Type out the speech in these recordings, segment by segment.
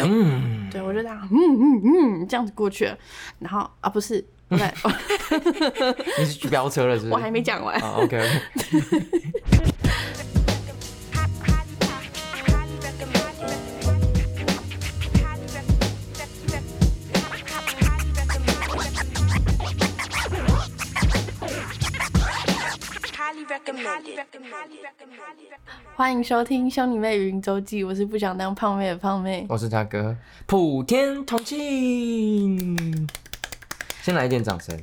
對，嗯、對我就這樣，嗯嗯嗯，這樣子過去了，然後啊，不是， 沒 你是去飆車了是不是？我還沒講完。Oh, OK。 歡迎收聽《兄你妹語音週記》，我是不想當胖妹的胖妹，我是他哥，普天同慶。先來一點掌聲。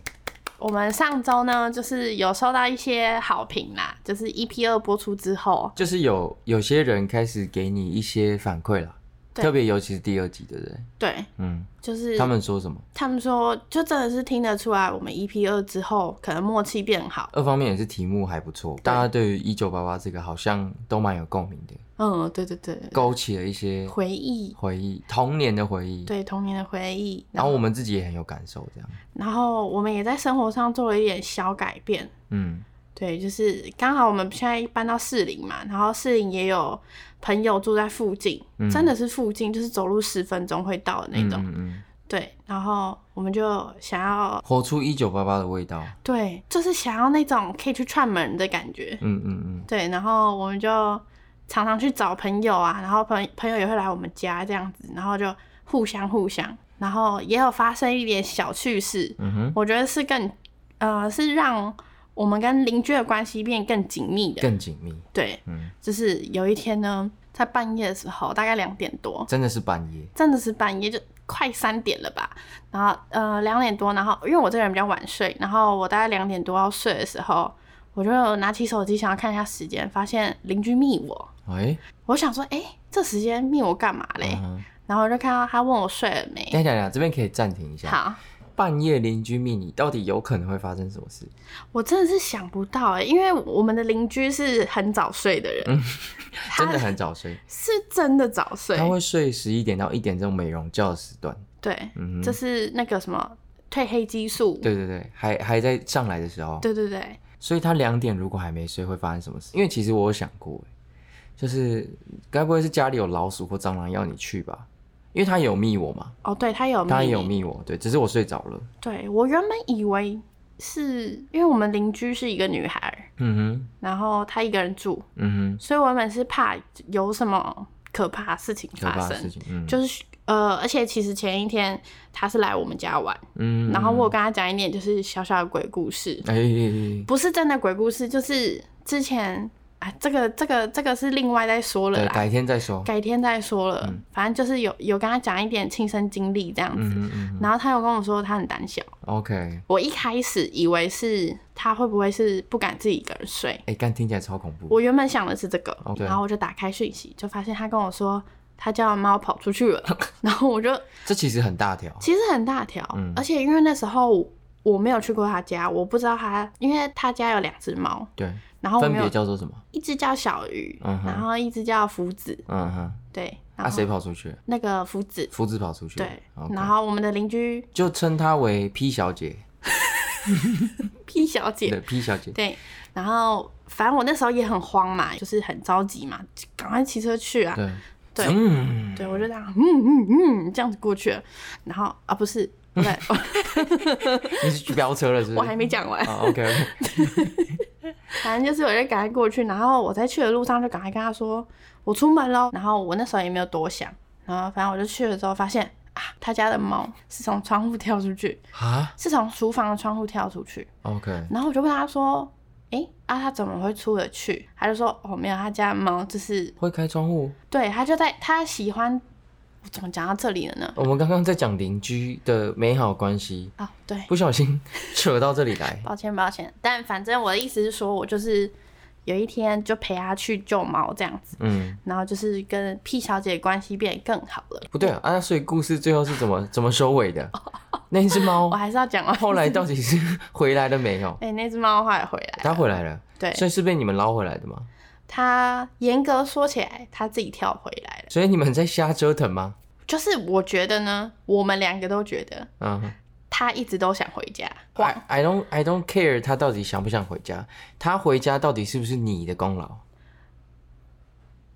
我們上周呢，就是有收到一些好評啦，就是 EP 二播出之後，就是有有些人開始給你一些反饋了。特別尤其是第二集的人，對，嗯，就是他們說什麼？他們說就真的是聽得出來，我們 EP 二之後可能默契變好。二方面也是題目還不錯，大家對於一九八八這個好像都蠻有共鳴的。嗯，對對對，勾起了一些回憶，對對對回憶，回憶童年的回憶，對童年的回憶然。然後我們自己也很有感受，這樣。然後我們也在生活上做了一點小改變。嗯，對，就是剛好我們現在搬到士林嘛，然後士林也有。朋友住在附近，嗯，真的是附近，就是走路十分鐘會到的那種嗯嗯。對，然後我們就想要活出一九八八的味道。對，就是想要那種可以去串門的感覺。嗯嗯嗯。對，然後我們就常常去找朋友啊，然後朋朋友也會來我們家這樣子，然後就互相互相，然後也有發生一點小趣事。嗯哼，我覺得是更呃，是讓。我們跟鄰居的關係變得更緊密的，更緊密。對，嗯，就是有一天呢，在半夜的時候，大概兩點多，真的是半夜，真的是半夜就快三點了吧。然後，呃，兩點多，然後因為我這個人比較晚睡，然後我大概兩點多要睡的時候，我就拿起手機想要看一下時間，發現鄰居密我。哎、欸，我想說，哎、欸，這時間密我幹嘛嘞、嗯？然後我就看到他問我睡了沒。等一下，這邊可以暫停一下。好。半夜鄰居密，你到底有可能會發生什麼事？我真的是想不到哎、欸，因為我們的鄰居是很早睡的人，嗯、真的很早睡是，是真的早睡。他會睡十一點到一點這種美容覺時段，對，嗯、這就是那個什麼褪黑激素，對對對，還還在上來的時候，對對對。所以他兩點如果還沒睡，會發生什麼事？因為其實我有想過、欸，就是該不會是家裡有老鼠或蟑螂要你去吧？因為他有密我嘛。哦，對，他有，他也有密我，對，只是我睡着了。對，我原本以為是因為我們鄰居是一個女孩，嗯哼，然後她一個人住，嗯哼，所以我原本是怕有什麼可怕事情發生，嗯、就是呃，而且其實前一天他是來我們家玩，嗯、嗯，然後我有跟他講一點就是小小的鬼故事，哎、欸，不是真的鬼故事，就是之前。啊、這個這個這個是另外再說了，改天再說，改天再說了，嗯、反正就是有有跟他講一點親身經歷這樣子嗯哼嗯哼，然後他有跟我說他很膽小。OK，我一開始以為是他會不會是不敢自己一個人睡？哎、欸，剛聽起來超恐怖。我原本想的是這個，okay、然後我就打開訊息，就發現他跟我說他家的貓跑出去了， 然後我就這其實很大條，其實很大條，嗯，而且因為那時候我沒有去過他家，我不知道他，因為他家有兩只貓，對。然後分別叫做什麼？一只叫小魚，嗯、然後一只叫福子。嗯對。然後那誰、啊、跑出去那個福子，福子跑出去對，okay. 然後我們的鄰居就稱她為 P 小姐。 P 小姐對，P 小姐，對。然後反正我那時候也很慌嘛，就是很着急嘛，趕快騎車去啊！對，對，嗯、對我就這樣，嗯嗯嗯，這樣子過去了。然後啊，不是， 對你是飆車了是,不是？ 我還沒講完。Oh, OK。 反正就是我就趕快過去，然後我在去的路上就趕快跟他說我出門囉。然後我那時候也沒有多想，然後反正我就去了之後發現啊，他家的貓是從窗戶跳出去啊，是從廚房的窗戶跳出去。OK。然後我就問他說，哎、欸、啊，他怎麼會出得去？他就說哦，沒有，他家貓就是會開窗戶。對，他就在他喜歡。講到這裡了呢，我們剛剛在講鄰居的美好的關係啊，對，不小心扯到這裡來， 抱歉抱歉，但反正我的意思是說，我就是有一天就陪他去救貓這樣子，嗯，然後就是跟 P 小姐關係變得更好了。不對啊，啊，所以故事最後是怎麼怎麼收尾的？ 那隻貓，我還是要講啊，後來到底是回來了沒有？哎、 欸，那隻貓後來回來了，它回來了，對，所以是被你們撈回來的嗎？他嚴格說起來，他自己跳回來了。所以你們在瞎折騰嗎？就是我覺得呢，我們兩個都覺得，嗯、uh-huh.，他一直都想回家。Why、wow. I don't I don't care，他到底想不想回家？他回家到底是不是你的功勞？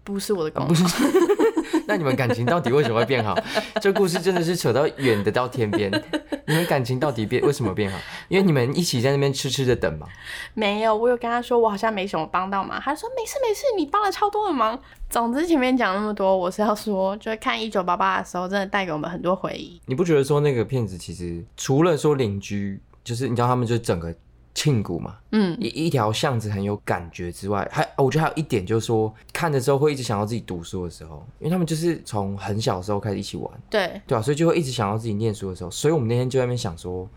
不是我的功勞。 那你們感情到底為什麼會變好？ 這故事真的是扯到遠的，到天邊。 你們感情到底變為什麼變好？因為你們一起在那邊痴痴的等嘛？沒有，我有跟他說我好像沒什麼幫到嘛。他說沒事沒事，你幫了超多的忙。總之前面講那麼多，我是要說，就是看一九八八的時候，真的帶給我們很多回憶。你不覺得說那個片子其實除了說鄰居，就是你知道他們就是整個。慶谷嘛，嗯，一一條巷子，很有感覺之外，還我覺得還有一點就是說，看的時候會一直想到自己讀書的時候，因為他們就是從很小的時候開始一起玩，對對啊，所以就會一直想到自己念書的時候。所以我們那天就在那邊想說，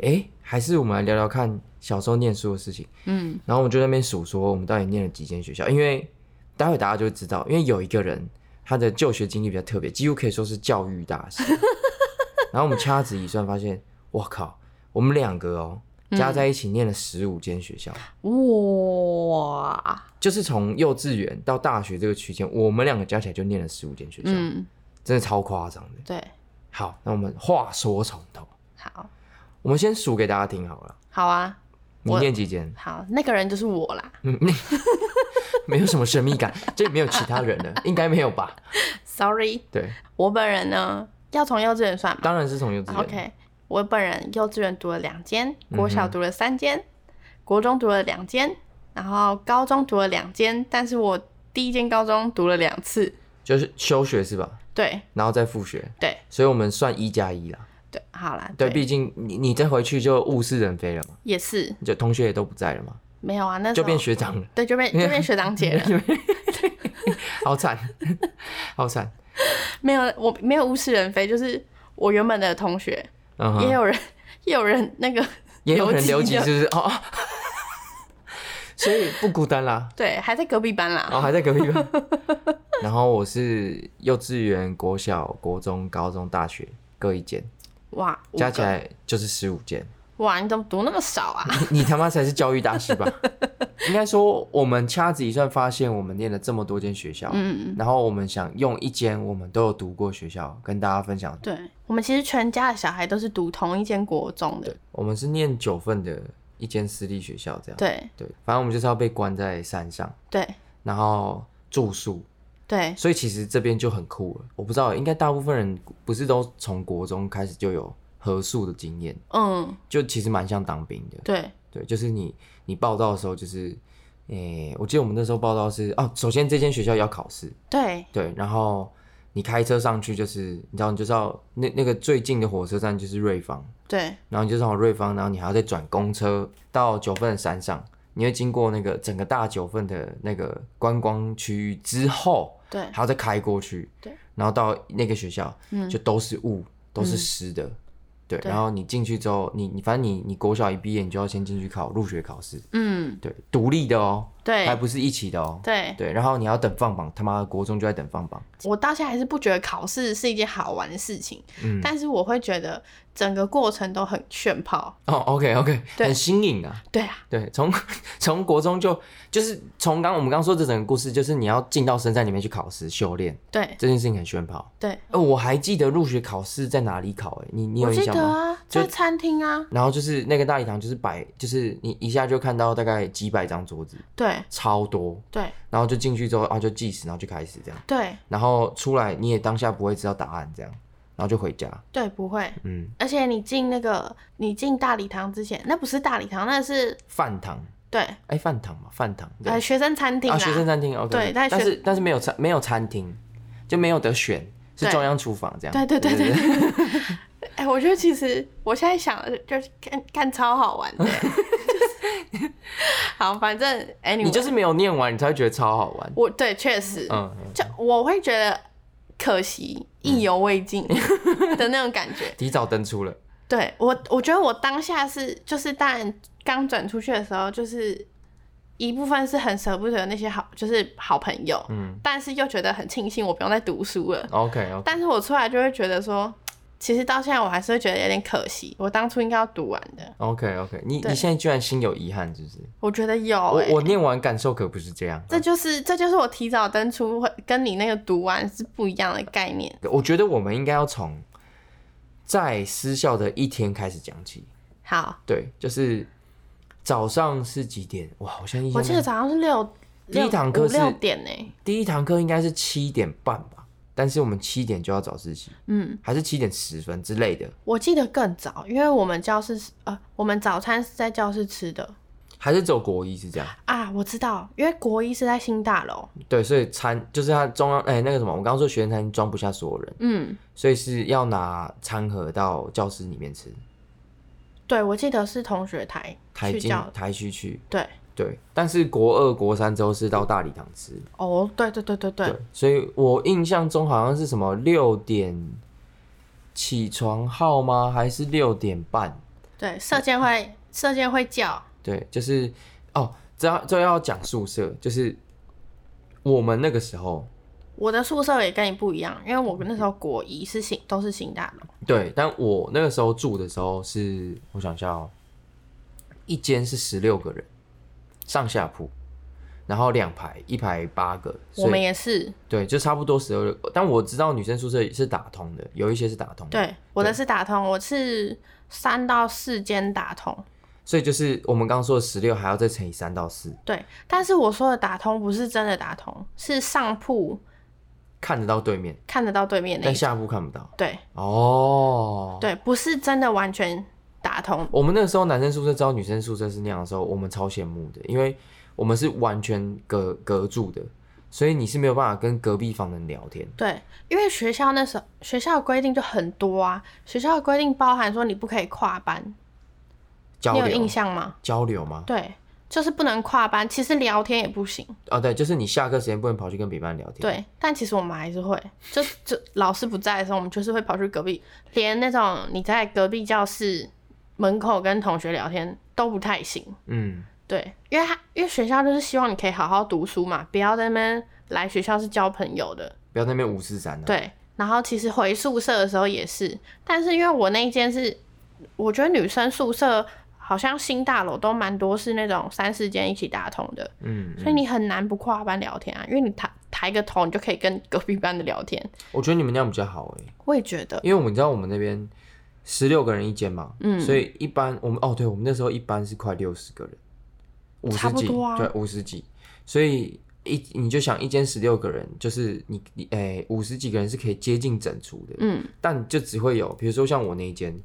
哎、欸，還是我們來聊聊看小時候念書的事情。嗯，然後我們就在那邊數說我們到底念了幾間學校，因為待會大家就會知道，因為有一個人他的就學經歷比較特別，幾乎可以說是教育大師。 然後我們掐指一算，發現哇靠，我們兩個哦、喔。加在一起念了十五間學校，哇、嗯！就是從幼稚園到大學這個區間，我們兩個加起來就念了十五間學校、嗯，真的超誇張的。對，好，那我們話說從頭。好，我們先數給大家聽好了。好啊，你念幾間？好，那個人就是我啦。嗯 沒有什麼神秘感，這沒有其他人的， 應該沒有吧？Sorry。對，我本人呢，要從幼稚園算嗎？當然是從幼稚園。OK。我本人幼稚園讀了兩間，國小讀了三間、嗯，國中讀了兩間，然後高中讀了兩間，但是我第一間高中讀了兩次，就是休學是吧？對，然後再復學，對，所以我們算一加一啦。對，好了，對，畢竟你你再回去就物是人非了嘛，也是，就同學也都不在了嘛，沒有啊，那就變學長了，對，就變就變學長姐了， 好慘，好慘， 沒有我沒有物是人非，就是我原本的同學。嗯、也有人，也有人那個，也有人留級是不是？就是哦，所以不孤單啦。對，還在隔壁班啦。哦，還在隔壁班。 然後我是幼稚園、國小、國中、高中、大學各一間。哇，加起來就是十五間。哇，你怎麼讀那麼少啊？ 你，你他媽才是教育大師吧？ 應該說，我們掐指一算，發現我們念了這麼多間學校，嗯嗯，然後我們想用一間我們都有讀過學校跟大家分享。對，我們其實全家的小孩都是讀同一間國中的。對，我們是念九份的一間私立學校，這樣。對對，反正我們就是要被關在山上。對。然後住宿。對。所以其實這邊就很酷了。我不知道，應該大部分人不是都從國中開始就有。合宿的經驗，嗯，就其實蠻像當兵的，對，對，就是你你報到的時候，就是，誒、欸，我記得我們那時候報到是，哦、啊，首先這間學校要考試，對，對，然後你開車上去，就是你知道，你就知道那那個最近的火車站就是瑞芳，對，然後你就上瑞芳，然後你還要再轉公車到九份的山上，你會經過那個整個大九份的那個觀光區之後，對，還要再開過去，對，對然後到那個學校，嗯，就都是霧、嗯，都是濕的。嗯對，然後你進去之後，你你反正你你國小一畢業，你就要先進去考入學考試。嗯，對，獨立的哦、喔，對，還不是一起的哦、喔，對對。然後你要等放榜，他媽的國中就在等放榜。我到現在還是不覺得考試是一件好玩的事情，嗯。但是我會覺得。整個過程都很炫炮哦、oh，OK OK，很新穎啊。對啊，對，從從國中就就是從剛我們剛說的整個故事，就是你要進到深山裡面去考試、修煉，對這件事情很炫炮。對，我還記得入學考試在哪裡考？欸？哎，你你有印象嗎？我記得啊、在餐廳啊、就餐廳啊。然後就是那個大禮堂，就是擺，就是你一下就看到大概幾百張桌子，對，超多，對。然後就進去之後啊，就計時，然後就開始這樣。對。然後出來你也當下不會知道答案這樣。然後就回家。對，不會。嗯，而且你進那個，你進大禮堂之前，那不是大禮堂，那是飯堂。對，哎、欸，飯堂嘛，飯堂，呃，學生餐廳啊，學生餐廳、啊。OK。對，但是但是沒有餐沒有餐廳，就沒有得選，是中央廚房這樣。對對對對。哎 欸，我覺得其實我現在想，就是看看超好玩的。 好，反正哎、anyway，你就是沒有念完，你才會覺得超好玩。我，對，確實。嗯。就嗯我會覺得。可惜，意猶未盡的那種感覺， 提早登出了。對我，我覺得我當下是，就是當然剛轉出去的時候，就是一部分是很舍不得那些好，就是好朋友，嗯，但是又覺得很慶幸，我不用再讀書了。Okay, OK，但是我出來就會覺得說。其實到現在我還是會覺得有點可惜，我當初應該要讀完的。OK OK，你你現在居然心有遺憾，是不是？我覺得有、欸。我我念完感受可不是這樣。這就是、嗯、這就是我提早登出，跟你那個讀完是不一樣的概念。我覺得我們應該要從在失校的一天開始講起。好，對，就是早上是幾點？哇，好像我記得早上是六,六第一堂課是六點哎、欸，第一堂課應該是七點半吧。但是我們七點就要早自習，嗯，還是七點十分之類的。我記得更早，因為我們教室是呃，我們早餐是在教室吃的，還是只有國一？是這樣啊，我知道，因為國一是在新大樓，對，所以餐就是他中央哎、欸，那個什麼，我剛剛說學生餐廳裝不下所有人，嗯，所以是要拿餐盒到教室裡面吃。對，我記得是同學台台去教台區去，對。對，但是國二、國三之後是到大禮堂吃。哦，對對對對對。所以，我印象中好像是什麼六點起床號嗎？還是六點半？對，射箭會射箭，哦，會叫。對，就是哦，這這要講宿舍，就是我們那個時候，我的宿舍也跟你不一樣，因為我那時候國一是新，都是新大樓。對，但我那個時候住的時候是，我想一下哦，一間是十六個人。上下鋪，然後兩排，一排八個，我們也是，對，就差不多十六。但我知道女生宿舍是打通的，有一些是打通的。對，我的是打通，我是三到四間打通。所以就是我們剛剛說的十六，還要再乘以三到四。對，但是我說的打通不是真的打通，是上鋪看得到對面，看得到對面，但下鋪看不到。對，哦，對，不是真的完全。打通我們那個時候，男生宿舍招，女生宿舍是那樣的時候，我們超羨慕的，因為我們是完全隔隔住的，所以你是沒有辦法跟隔壁房人聊天。對，因為學校那時候學校的規定就很多啊，學校的規定包含說你不可以跨班交流，你有印象嗎？交流嗎？對，就是不能跨班，其實聊天也不行。哦，對，就是你下課時間不能跑去跟別班聊天。對，但其實我們還是會，就就老師不在的時候，我們就是會跑去隔壁，連那種你在隔壁教室，門口跟同學聊天都不太行，嗯，對，因為他，因為學校就是希望你可以好好讀書嘛，不要在那邊來學校是交朋友的，不要在那邊五四三，啊。對，然後其實回宿舍的時候也是，但是因為我那一間是，我覺得女生宿舍好像新大樓都蠻多是那種三四間一起打通的，嗯，嗯，所以你很難不跨班聊天啊，因為你抬抬個頭，你就可以跟隔壁班的聊天。我覺得你們這樣比較好哎，欸，我也覺得，因為我們知道我們那邊。十六個人一間嘛、嗯，所以一般我們哦，喔、對，我們那時候一班是快六十個人，五十幾、啊，對，五十幾，所以一你就想一間十六個人，就是你你哎五十幾個人是可以接近整除的，嗯，但就只會有，比如說像我那一間，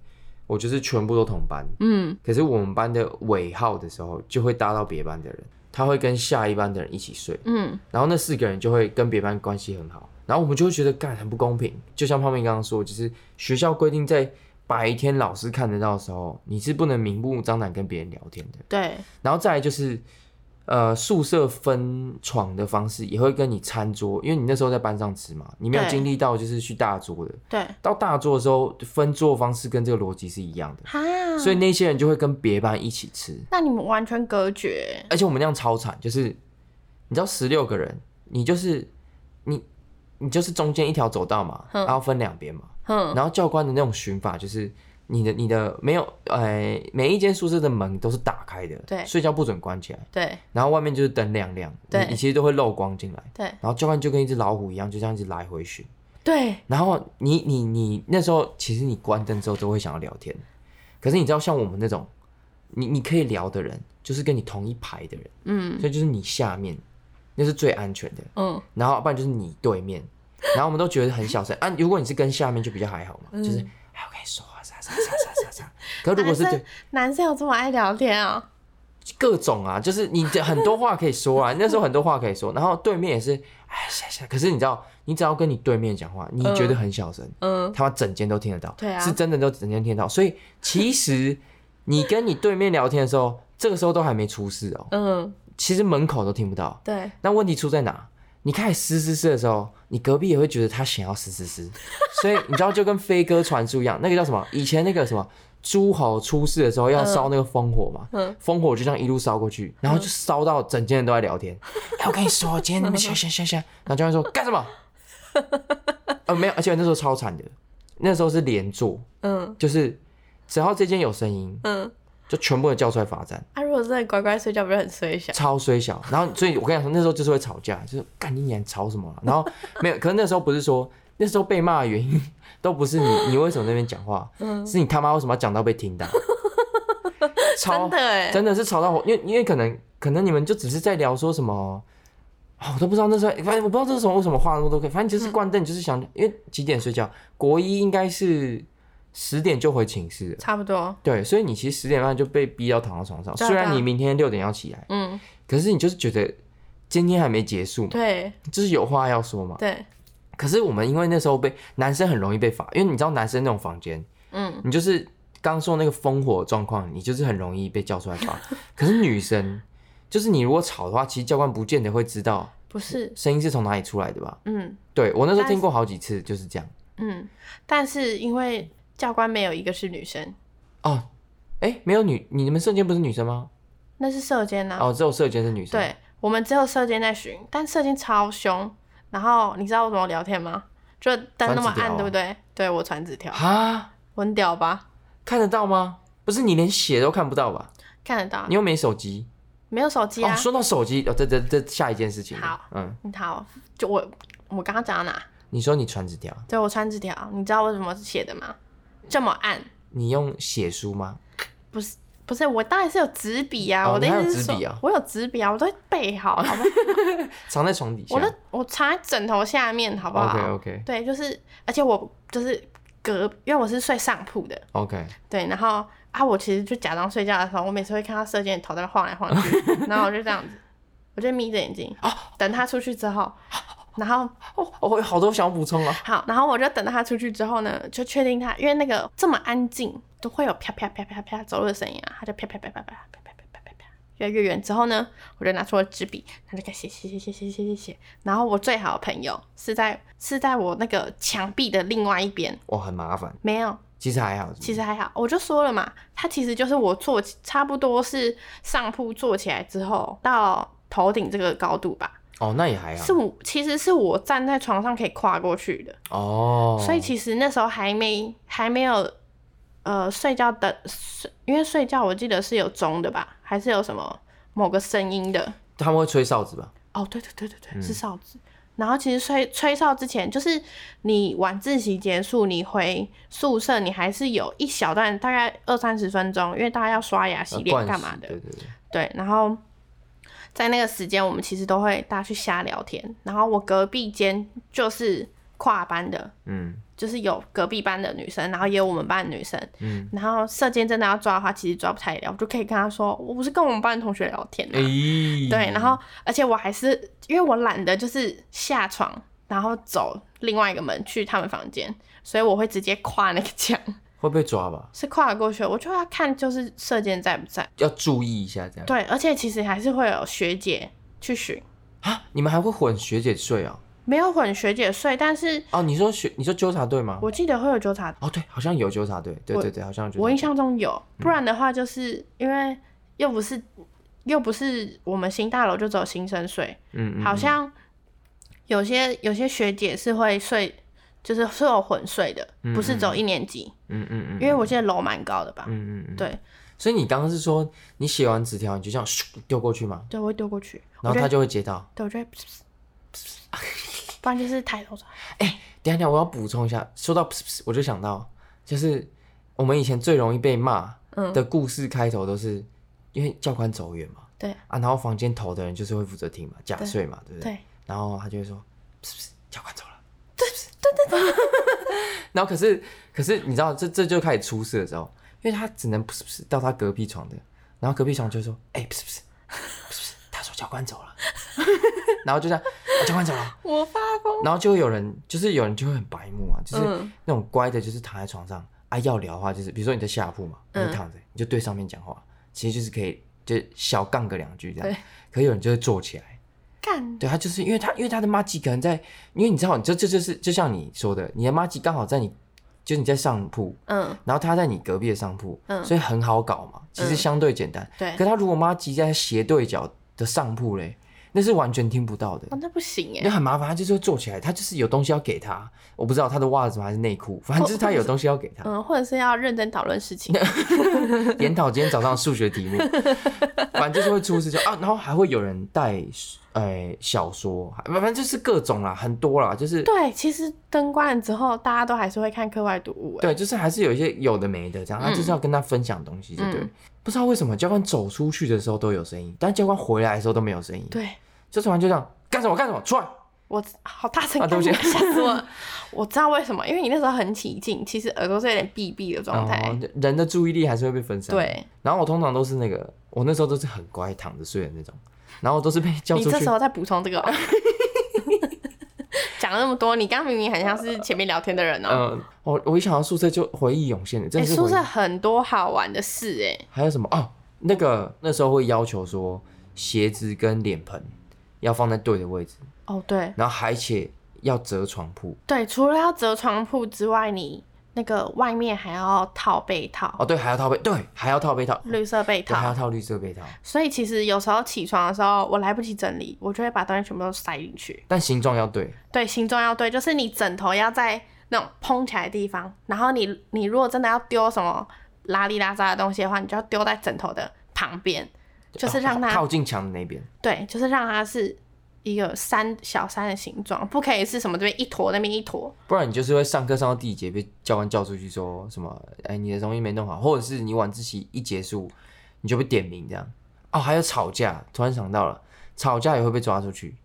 我就是全部都同班，嗯，可是我們班的尾號的時候就會搭到別班的人，他會跟下一班的人一起睡，嗯，然後那四個人就會跟別班關係很好，然後我們就會覺得幹很不公平，就像胖妹剛剛說，就是學校規定在。白天老師看得到的時候，你是不能明目張膽跟別人聊天的。對。然後再來就是，呃，宿舍分床的方式也會跟你餐桌，因為你那時候在班上吃嘛，你沒有經歷到就是去大桌的。對。到大桌的時候，分桌方式跟這個邏輯是一樣的。所以那些人就會跟別班一起吃。那你們完全隔絕。而且我們那樣超慘，就是，你知道，十六個人，你就是你。你就是中間一條走道嘛，嗯、然後分兩邊嘛、嗯，然後教官的那種巡法，就是你的你的沒有，哎、呃，每一間宿舍的門都是打開的，對，睡覺不准關起來，對，然後外面就是燈亮亮，對，你其實都會漏光進來，對，然後教官就跟一隻老虎一樣，就這樣子來回巡，對，然後你你你那時候其實你關燈之後都會想要聊天，可是你知道像我們那種，你你可以聊的人就是跟你同一排的人，嗯，所以就是你下面。那是最安全的，嗯，然後不然就是你對面，然後我們都覺得很小聲 啊。如果你是跟下面就比較還好嘛，嗯、就是、啊、我可以說啥啥啥啥，啥啥啥啥啥啥。可是如果是對男生，男生有這麼愛聊天啊、哦？各種啊，就是你很多話可以說啊， 那時候很多話可以說。然後對面也是哎啥啥，可是你知道，你只要跟你對面講話，你覺得很小聲、嗯，嗯，他們整間都聽得到，對啊，是真的都整間聽得到。所以其實你跟你對面聊天的時候， 這個時候都還沒出事哦、喔，嗯。其實門口都聽不到，對。那問題出在哪？你開始嘶嘶嘶的時候，你隔壁也會覺得他想要嘶嘶嘶，所以你知道就跟飛鴿傳書一樣，那個叫什麼？以前那個什麼諸侯出事的時候要燒那個烽火嘛，嗯嗯、烽火就這樣一路燒過去，然後就燒到整間人都在聊天。哎、嗯欸，我跟你說，今天你們想想想想，然後教官說幹什麼？呃，沒有，而且我那時候超慘的，那時候是連坐，嗯，就是只要這間有聲音，嗯。就全部都叫出來罰站。他、啊、如果真的乖乖睡覺，不是很衰小？超衰小。然後，所以我跟你講說，那時候就是會吵架，就是幹你娘吵什麼、啊、然後沒有，可是那時候不是說，那時候被罵的原因都不是你，你為什麼在那邊講話？嗯， 是你他媽為什麼要講到被聽到？ 吵真的耶，真的是吵到我，因為因為可能可能你們就只是在聊說什麼、哦、我都不知道那時候，欸、反正我不知道這是什麼為什麼話那麼多，反正就是關燈、嗯，就是想因為幾點睡覺？國一應該是。十點就回寢室，差不多。對，所以你其實十點半，就被逼要躺到床上、啊。雖然你明天六點要起來，嗯，可是你就是覺得今天還沒結束嘛，對，就是有話要說嘛，對。可是我們因為那時候被男生很容易被罰，因為你知道男生那種房間，嗯，你就是剛剛說那個烽火狀況，你就是很容易被叫出來罰、嗯。可是女生，就是你如果吵的話，其實教官不見得會知道，不是？聲音是從哪裡出來的吧？嗯，對我那時候聽過好幾次就是這樣。嗯，但是因為。教官沒有一個是女生，哦，哎、欸，沒有女，你們舍監不是女生嗎？那是舍監、啊、吶。哦，只有舍監是女生。對，我們只有舍監在巡，但舍監超凶。然後你知道我怎麼聊天嗎？就燈那麼暗，對不、啊、對？對，我傳紙條。啊，我很屌吧？看得到嗎？不是你連寫都看不到吧？看得到。你又沒手機？沒有手機啊、哦。說到手機，哦，這這這下一件事情。好，嗯，好，就我我剛剛講到哪？你說你傳紙條。對，我傳紙條。你知道我怎麼寫的嗎？這麼暗？你用寫書嗎？不是，不是，我當然是有紙筆啊，哦。我的意思是說。我有紙筆啊，我都備好，好不好？ 藏在床底下。我的我藏在枕頭下面，好不好？OK OK。對，就是，而且我就是隔，因為我是睡上鋪的。OK。對，然後啊，我其實就假裝睡覺的時候，我每次會看到射箭的頭在那晃來晃去， 然後我就這樣子，我就眯着眼睛，哦，等他出去之後。哦然後哦，我、哦、有好多想要補充啊。好，然後我就等到他出去之後呢，就確定他，因為那個這麼安靜都會有啪啪啪啪啪啪走路的聲音啊，他就啪啪啪啪啪啪啪啪啪啪啪啪啪，越來越遠之後呢，我就拿出了紙筆，他就開始寫寫寫寫寫寫寫寫寫。然後我最好的朋友是在是在我那個牆壁的另外一邊，我、哦、很麻煩。沒有，其實還好，其實還好，我就說了嘛，他其實就是我坐，差不多是上鋪坐起來之後到頭頂這個高度吧。哦，那也還好啊。是我其實是我站在床上可以跨過去的哦，所以其實那時候還沒還沒有呃睡覺的睡，因為睡覺我記得是有鐘的吧，還是有什麼某個聲音的，他們會吹哨子吧？哦，oh，對對對對對、嗯，是哨子。然後其實吹吹哨之前，就是你晚自習結束，你回宿舍，你還是有一小段大概二三十分鐘，因為大家要刷牙、洗臉、幹嘛的、呃對對對。對，然後。在那個時間，我們其實都會大家去瞎聊天。然後我隔壁間就是跨班的，嗯，就是有隔壁班的女生，然後也有我們班的女生。嗯、然後舍監真的要抓的話，其實抓不太了，我就可以跟他說，我不是跟我們班的同學聊天嘛，啊欸，對。然後，而且我還是因為我懶得就是下床，然後走另外一個門去他們房間，所以我會直接跨那個牆。會被抓吧？是跨了過去，我就要看就是舍監，在不在，要注意一下這樣。對，而且其實還是會有學姐去巡啊，你們還會混學姐睡啊？沒有混學姐睡，但是哦，你說學你說糾察隊嗎？我記得會有糾察隊哦，對，好像有糾察隊，對對對，好像我印象中有，不然的話就是因為又不是、嗯、又不是我們新大樓就只有新生睡，嗯，嗯，嗯，好像有些有些學姐是會睡。就是所有混睡的，不是只有一年級。嗯嗯嗯，嗯，嗯，因為我現在樓蠻高的吧。嗯嗯嗯，對。所以你剛剛是說，你寫完紙條，你就這樣咻丟、嗯、過去嗎？對，我會丟過去，然後他就會接到。對，我覺得噗噗。噗噗 不然就是抬頭說。哎、欸，等一下，我要補充一下，說到噗噗噗我就想到，就是我們以前最容易被罵的故事開頭都是、嗯、因為教官走遠嘛。對。啊，然後房間頭的人就是會負責聽嘛，假睡嘛對，對不對？對。然後他就會說，噗噗噗教官走。 然後可是可是你知道，這這就開始出事的時候，因為他只能不是不是到他隔壁床的，然後隔壁床就說，哎不是不是不是不是，他說教官走了， 然後就這樣，啊、教官走了，我發功。然後就會有人就是有人就會很白目啊，就是那種乖的，就是躺在床上啊要聊的話就是比如說你在下鋪嘛，你躺着你就對上面講話、嗯，其實就是可以就小槓個兩句這樣，可有人就會坐起來。對，他就是因為他因為他的麻吉可能在，因為你知道，這這就是就，就，就像你說的，你的麻吉剛好在你，就是你在上鋪，嗯，然後他在你隔壁的上鋪，嗯，所以很好搞嘛，其實相對簡單，嗯、對。可他如果麻吉在斜對角的上鋪嘞？那是完全聽不到的，哦、那不行耶，那很麻煩。他就是會坐起來，他就是有東西要給他，我不知道他的襪子還是內褲，反正就是他有東西要給他。嗯，或者是要認真討論事情， 研討今天早上數學題目， 反正就是會出事情啊。然後還會有人帶，哎、欸，小說，反正就是各種啦，很多啦，就是對。其實燈關了之後，大家都還是會看課外讀物、欸。對，就是還是有一些有的沒的這樣，他、嗯啊、就是要跟他分享東西，對,不對、嗯？不知道為什麼教官走出去的時候都有聲音，但教官回來的時候都沒有聲音。對。就出來就這樣，幹什麼幹什麼出來！我好大聲啊！對不起，嚇死我！我知道為什麼，因為你那時候很起勁，其實耳朵是有點閉閉的狀態、嗯。人的注意力還是會被分散。對。然後我通常都是那個，我那時候都是很乖，躺着睡的那種，然後我都是被叫出去。你這時候在補充這個？講、哦、 了那麼多，你剛剛明明很像是前面聊天的人哦。我、嗯、我一想到宿舍就回憶湧現了，真的、欸、宿舍很多好玩的事哎、欸。還有什麼哦？那個那時候會要求說鞋子跟臉盆。要放在對的位置哦，oh, 對，然後還且要折床鋪對，除了要折床鋪之外，你那個外面還要套被套哦，對，還要套被，對，還要套被套，綠色被套，還要套綠色被套。所以其實有時候起床的時候我來不及整理，我就會把東西全部都塞進去，但形狀要對，對，形狀要對，就是你枕頭要在那種蓬起來的地方，然後你你如果真的要丟什麼拉哩拉雜的東西的話，你就要丟在枕頭的旁邊。就是讓他靠近牆的那邊，對，就是讓他是一個山小山的形狀，不可以是什麼這邊一坨那邊一坨，不然你就是會上課上到第一節被教官叫出去說什麼，哎、欸，你的東西沒弄好，或者是你晚自習一結束你就被點名這樣，哦，還有吵架，突然想到了，吵架也會被抓出去，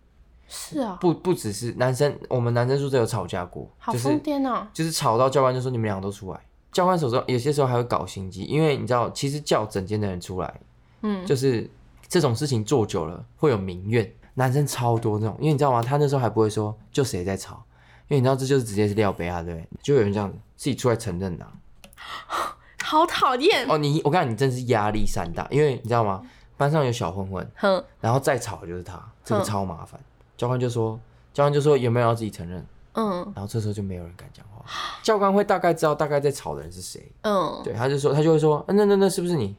是啊、哦，不不只是男生，我們男生宿舍有吵架過，好瘋癲啊，就是吵到教官就說你們兩個都出來，教官手上有些時候還會搞心機，因為你知道其實叫整間的人出來。嗯，就是這種事情做久了會有民怨，男生超多那種，因為你知道嗎？他那時候還不會說就誰在吵，因為你知道這就是直接是撩杯啊，對不對？就有人這樣子、嗯、自己出來承認的、啊，好討厭哦！你我看你，真是壓力山大，因為你知道嗎？班上有小混混，哼、嗯，然後再吵就是他，這個超麻煩、嗯。教官就說，教官就說有沒有要自己承認？嗯，然後這時候就沒有人敢講話。教官會大概知道大概在吵的人是誰，嗯，對，他就說他就會說，啊、那那那是不是你？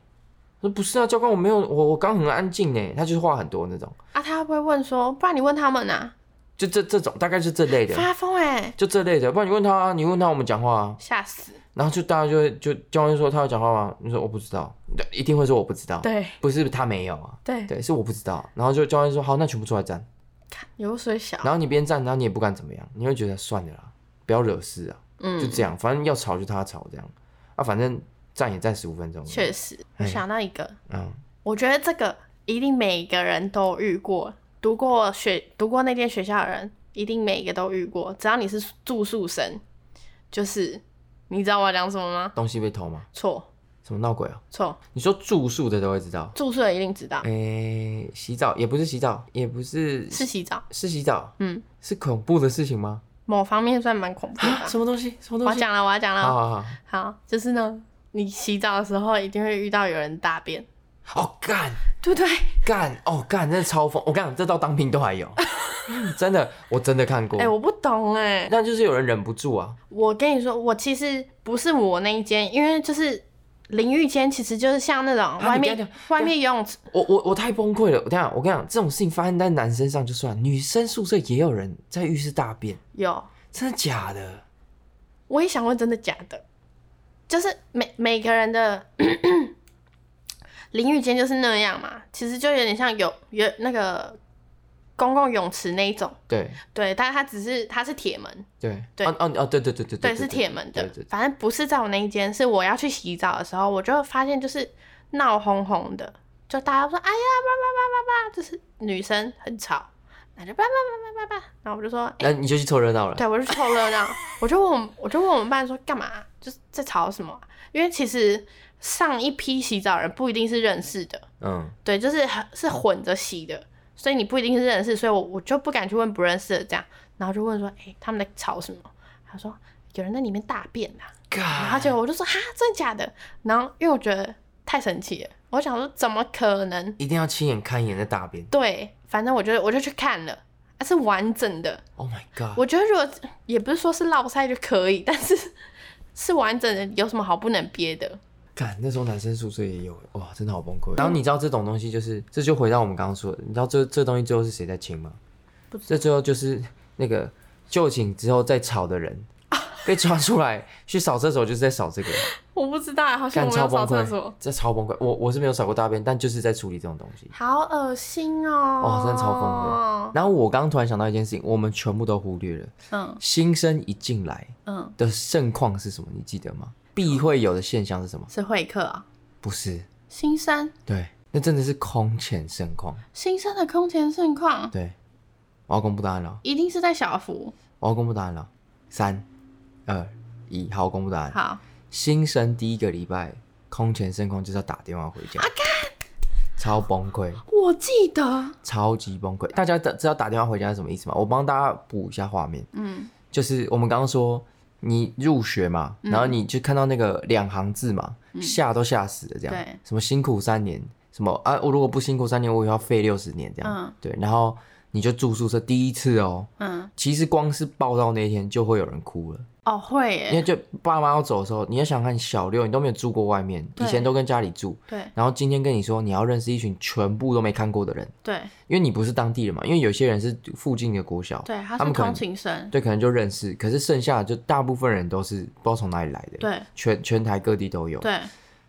不是啊，教官，我沒有，我我剛很安靜呢，他就是話很多那種。啊，他會不會問說，不然你問他們啊？就這這種，大概是這類的。發瘋哎、欸，就這類的，不然你問他、啊、你問他我們講話啊。嚇死。然後就大家就會就教官說他要講話嗎？你說我不知道，一定會說我不知道。對，不是他沒有啊。對對，是我不知道。然後就教官說好，那全部出來站。看油水小。然後你邊站，然後你也不敢怎麼樣，你會覺得算了啦，不要惹事啊。嗯。就這樣，反正要吵就他吵這樣，啊，反正。站也站十五分鐘。確實，我想到一個，嗯，我覺得這個一定每個人都遇過、嗯，讀過學讀過那間學校的人，一定每一個都遇過。只要你是住宿生，就是你知道我要講什麼嗎？東西被偷嗎？錯。什麼鬧鬼啊？錯。你說住宿的都會知道，住宿的一定知道。哎、欸，洗澡也不是洗澡，也不是是洗澡是洗澡，嗯，是恐怖的事情嗎？某方面算蠻恐怖的、啊。什麼東西？什麼東西？我要講了，我要講了，好好,好，好就是呢。你洗澡的時候一定會遇到有人大便哦，幹、oh, 對不對？幹哦，幹真的超瘋！我跟你講，這到當兵都還有， 真的，我真的看過。哎、欸，我不懂哎，那就是有人忍不住啊。我跟你說，我其實不是我那一間，因為就是淋浴間其實就是像那種外面、啊、外面游泳池。我我我太崩潰了！我跟你我跟你講，這種事情發生在男生身上就算，女生宿舍也有人在浴室大便，有真的假的？我也想問，真的假的？就是每每個人的 淋浴間就是那樣嘛，其實就有點像有有那個公共泳池那一種。對對，但是它只是它是鐵門。對對哦哦對對對對對，對是鐵門的對對對對對。反正不是在我那一間，是我要去洗澡的時候，我就發現就是鬧哄哄的，就大家說哎呀叭叭叭叭叭，就是女生很吵，那就叭叭叭叭叭叭，然後我就說、欸、那你就去湊熱鬧了。對，我就去湊熱鬧， 我就問我,我就問我們班說幹嘛、啊。就是在吵什麼、啊？因為其實上一批洗澡人不一定是認識的，嗯，對，就是很是混着洗的，所以你不一定是認識，所以我我就不敢去問不認識的這樣，然後就問說，哎、欸，他們在吵什麼？他說有人在裡面大便啊。然後結果我就說哈，真的假的？然後因為我覺得太神奇了，我想說怎麼可能？一定要親眼看一眼在大便。對，反正我就我就去看了，還、啊、是完整的。Oh my god！我覺得如果也不是說是烙賽就可以，但是。是完整的，有什麼好不能憋的？看那時候男生宿舍也有，哇，真的好崩潰，嗯。然後你知道這種東西就是，這就回到我們剛剛說的，你知道這這東西最後是誰在清嗎不？這最後就是那個就寢之後再吵的人，啊，被抓出來去掃廁所，就是在掃這個。 我不知道，好像我要掃廁所。這超崩潰！我我是沒有掃過大便，但就是在處理這種東西，好噁心哦！哦，真的超崩潰。然後我剛剛突然想到一件事情，我們全部都忽略了。嗯。新生一進來，嗯，的盛況是什麼？你記得嗎？必會有的現象是什麼？是會客啊？不是。新生。對，那真的是空前盛況。新生的空前盛況。對，我要公布答案了。一定是在小福。我要公布答案了，三、二、一，好，我公布答案。好。新生第一個禮拜空前盛況，就是要打電話回家。啊幹，超崩潰。我記得，超級崩潰。大家知道打電話回家是什麼意思嗎？我幫大家補一下畫面。嗯，就是我們剛剛說你入學嘛、嗯，然後你就看到那個兩行字嘛，嚇、嗯、都嚇死了這樣。對、嗯，什麼辛苦三年，什麼啊，我如果不辛苦三年，我也要廢六十年這樣、嗯。對。然後你就住宿舍第一次哦、喔。嗯，其實光是報到那天就會有人哭了。哦、oh, 會耶，因為就爸媽要走的時候，你要想看小六，你都沒有住過外面，以前都跟家裡住。對。然後今天跟你說你要認識一群全部都沒看過的人。對。因為你不是當地人嘛，因為有些人是附近的國小。對，他是空勤生。對，可能就認識，可是剩下的就大部分人都是不知道從哪裡來的。對。全全台各地都有。對。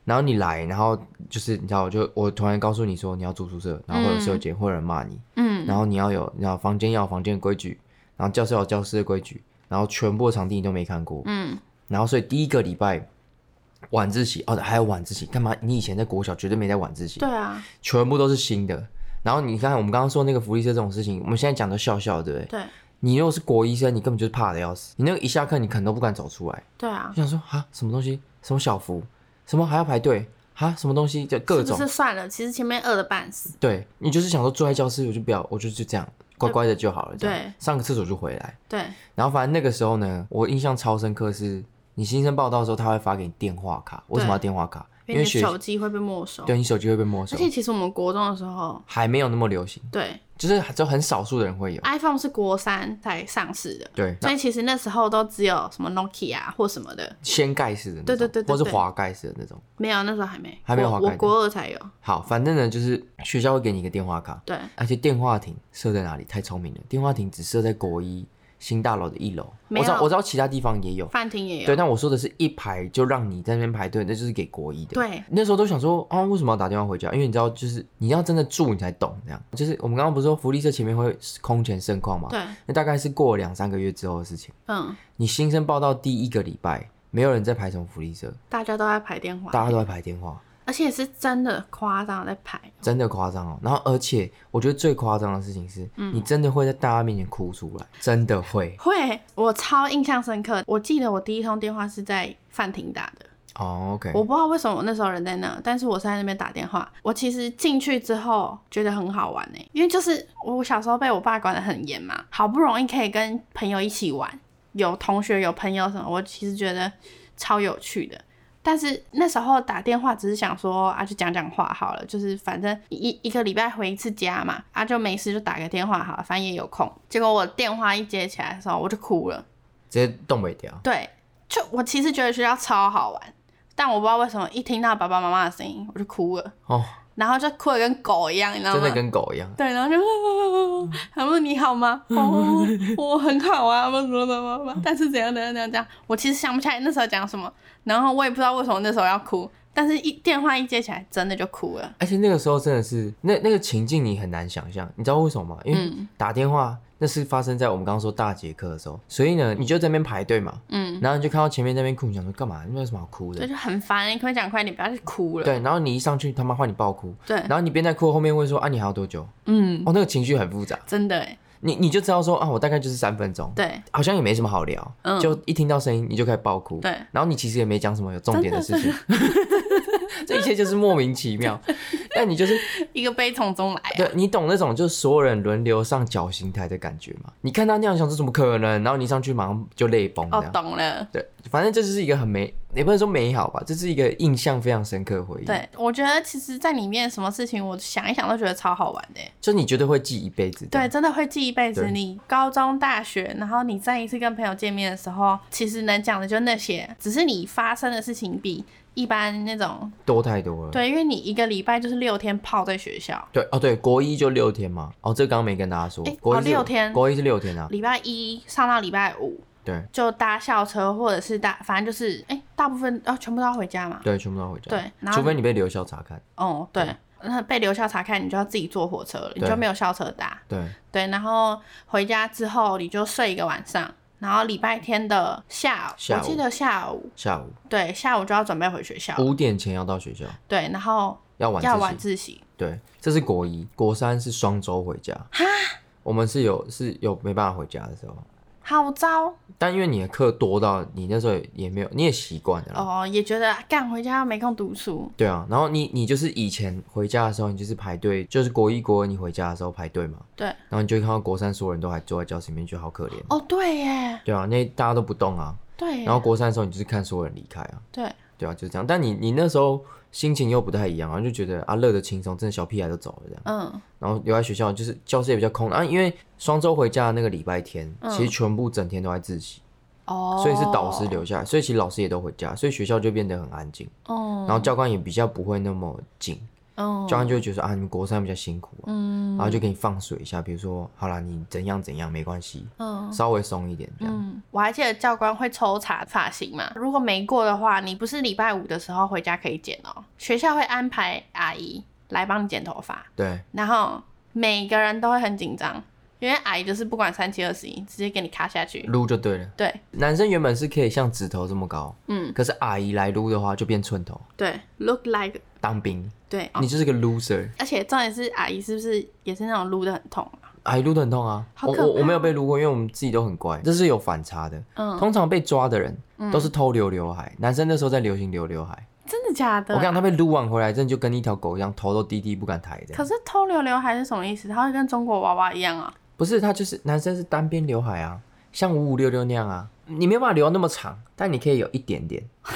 然後你來，然後就是你知道，就我突然告訴你說你要住宿舍，嗯、然後會有室友檢或者罵你，嗯。然後你要有，然後房間要有房間的規矩，然後教室要有教室的規矩。然後全部的場地你都沒看過，嗯，然後所以第一個禮拜晚自習，哦的，還有晚自習，幹嘛？你以前在國小絕對沒在晚自習，對啊，全部都是新的。然後你看我們剛剛說那個福利社這種事情，我們現在講的笑笑，對不對？對。你如果是國一生，你根本就是怕得要死，你那個一下課你可能都不敢走出來，對啊。你想說啊，什麼東西，什麼小福，什麼還要排隊啊，什麼東西就各種。是是算了，其實前面餓得半死。對你就是想說坐在教室我就不要，我就就這樣。乖乖的就好了，對，上個廁所就回來，對。然後反正那個時候呢，我印象超深刻是，你新生報到的時候他會發給你電話卡，為什麼要電話卡？因為你的手機會被沒收，對，你手機會被沒收。而且其實我們國中的時候還沒有那麼流行，對，就是只有很少數的人會有。iPhone 是國三才上市的，對，所以其實那時候都只有什麼 Nokia 或什麼的掀蓋式的那種，對對，對對對，或是滑蓋式的那種，沒有，那時候還沒，還沒有滑蓋，我國二才有。好，反正呢，就是學校會給你一個電話卡，對，而且電話亭設在哪裡？太聰明了，電話亭只設在國一。新大樓的一樓，我知道我知道，其他地方也有飯廳也有，對，但我說的是一排就讓你在那邊排隊，那就是給國一的。對，那時候都想說，啊，為什麼要打電話回家？因為你知道，就是你要真的住，你才懂這樣。就是我們剛剛不是說福利社前面會空前盛況嘛，對，那大概是過了兩三個月之後的事情。嗯，你新生報到第一個禮拜，沒有人在排什麼福利社，大家都在排電話，嗯。大家都在排電話。而且是真的誇張在拍的，真的誇張哦。然後，而且我覺得最誇張的事情是你真的會在大家面前哭出來，嗯，真的會。會，我超印象深刻。我記得我第一通電話是在飯廳打的。哦，OK。我不知道為什麼我那時候人在那，但是我是在那邊打電話。我其實進去之後覺得很好玩呢，欸，因為就是我小時候被我爸管得很嚴嘛，好不容易可以跟朋友一起玩，有同學有朋友什麼，我其實覺得超有趣的。.但是那時候打電話只是想說啊，就講講話好了，就是反正一一,一個禮拜回一次家嘛，啊就沒事就打個電話好了，反正也有空。結果我電話一接起來的時候，我就哭了，直接凍未條。對，就我其實覺得學校超好玩，但我不知道為什麼一聽到爸爸媽媽的聲音我就哭了。哦。然後就哭得跟狗一樣，你知道嗎？真的跟狗一樣。對，然後就啊，然、哦、後、哦哦、你好嗎？ 哦我，我很好啊，怎麼怎麼怎麼，但是怎樣怎樣怎樣怎樣，我其實想不起來那時候講什麼，然後我也不知道為什麼那時候要哭，但是一電話一接起來，真的就哭了。而且那個時候真的是那那個情境，你很難想象，你知道為什麼嗎？因為打電話。嗯那是發生在我們剛剛說大節課的時候，所以呢，你就在那邊排隊嘛，嗯，然後你就看到前面那邊哭，你想說幹嘛？你有什麼好哭的？對，就是、很煩，你可不可以快講快點，你不要去哭了。對，然後你一上去，他媽換你爆哭。對，然後你邊在哭，後面會說啊，你還要多久？嗯，哦，那個情緒很複雜，真的、欸。你你就知道說啊，我大概就是三分鐘。對，好像也沒什麼好聊，嗯、就一聽到聲音你就開始爆哭。對，然後你其實也沒講什麼有重點的事情。 這一切就是莫名其妙， 但你就是一個悲從中來啊。對，你懂那種就是所有人輪流上絞刑台的感覺嗎？你看他那樣想說怎麼可能，然後你上去馬上就淚崩。哦，懂了。對，反正這就是一個很美，也不能說美好吧，這是一個印象非常深刻的回憶。對，我覺得其實，在裡面什麼事情，我想一想都覺得超好玩的。就你絕對會記一輩子。對，真的會記一輩子。你高中、大學然，然後你再一次跟朋友見面的時候，其實能講的就那些，只是你發生的事情比。一般那種多太多了，對，因為你一個禮拜就是六天泡在學校，對，哦，對，國一就六天嘛。哦，這剛、個、剛沒跟大家說、欸國一是，哦，六天，國一是六天啊，禮拜一上到禮拜五，對，就搭校車或者是搭，反正就是，哎、欸，大部分哦，全部都要回家嘛。對，全部都要回家。對，然後除非你被留校查看。哦、嗯，對，那被留校查看，你就要自己坐火車了，你就沒有校車搭。對對，然後回家之後，你就睡一個晚上。然後禮拜天的下午,下午，我記得下午下午對下午就要準備回學校，五點前要到學校。對，然後要晚自要晚自習。對，這是國一國三是雙周回家，我們是有是有沒辦法回家的時候。好糟，但因為你的課多到你那時候也沒有，你也習慣了哦，也覺得幹回家又沒空讀書。對啊，然後你你就是以前回家的時候，你就是排隊，就是國一國二你回家的時候排隊嘛。對。然後你就會看到國三所有人都還坐在教室裡面，覺得好可憐。哦，對耶。對啊，那大家都不動啊。對。然後國三的時候，你就是看所有人離開啊。對。對啊，就是這樣。但你你那時候心情又不太一樣後、啊、就覺得啊，樂得輕鬆，真的小屁孩都走了這樣。嗯。然後留在學校，就是教室也比較空啊，因為雙周回家的那個禮拜天、嗯，其實全部整天都在自習。哦。所以是導師留下來，所以其實老師也都回家，所以學校就變得很安靜。哦。然後教官也比較不會那麼緊。教、oh, 官就會覺得啊，你們國三比較辛苦，啊，嗯，然後就給你放水一下，比如說，好啦，你怎樣怎樣沒關係，嗯、oh,，稍微鬆一點這樣，嗯。我還記得教官會抽查髮型嘛，如果沒過的話，你不是禮拜五的時候回家可以剪哦，學校會安排阿姨來幫你剪頭髮，對，然後每個人都會很緊張，因為阿姨就是不管三七二十一，直接給你卡下去擼就對了，對，男生原本是可以像指頭這麼高，嗯，可是阿姨來擼的話就變寸頭，對，look like。當兵，對，你就是個 loser。而且重點是，阿姨是不是也是那種擼得很痛啊？阿姨擼得很痛啊，我我我沒有被擼過，因為我們自己都很乖，這是有反差的。嗯，通常被抓的人都是偷留劉海、嗯，男生那時候在流行留劉海，真的假的啊？我看到他被擼完回來，真的就跟一條狗一樣，頭都低低不敢抬的。可是偷留劉海是什麼意思？他會跟中國娃娃一樣啊？不是，他就是男生是單邊劉海啊，像五五六六那樣啊，你沒有辦法留那麼長，但你可以有一點點。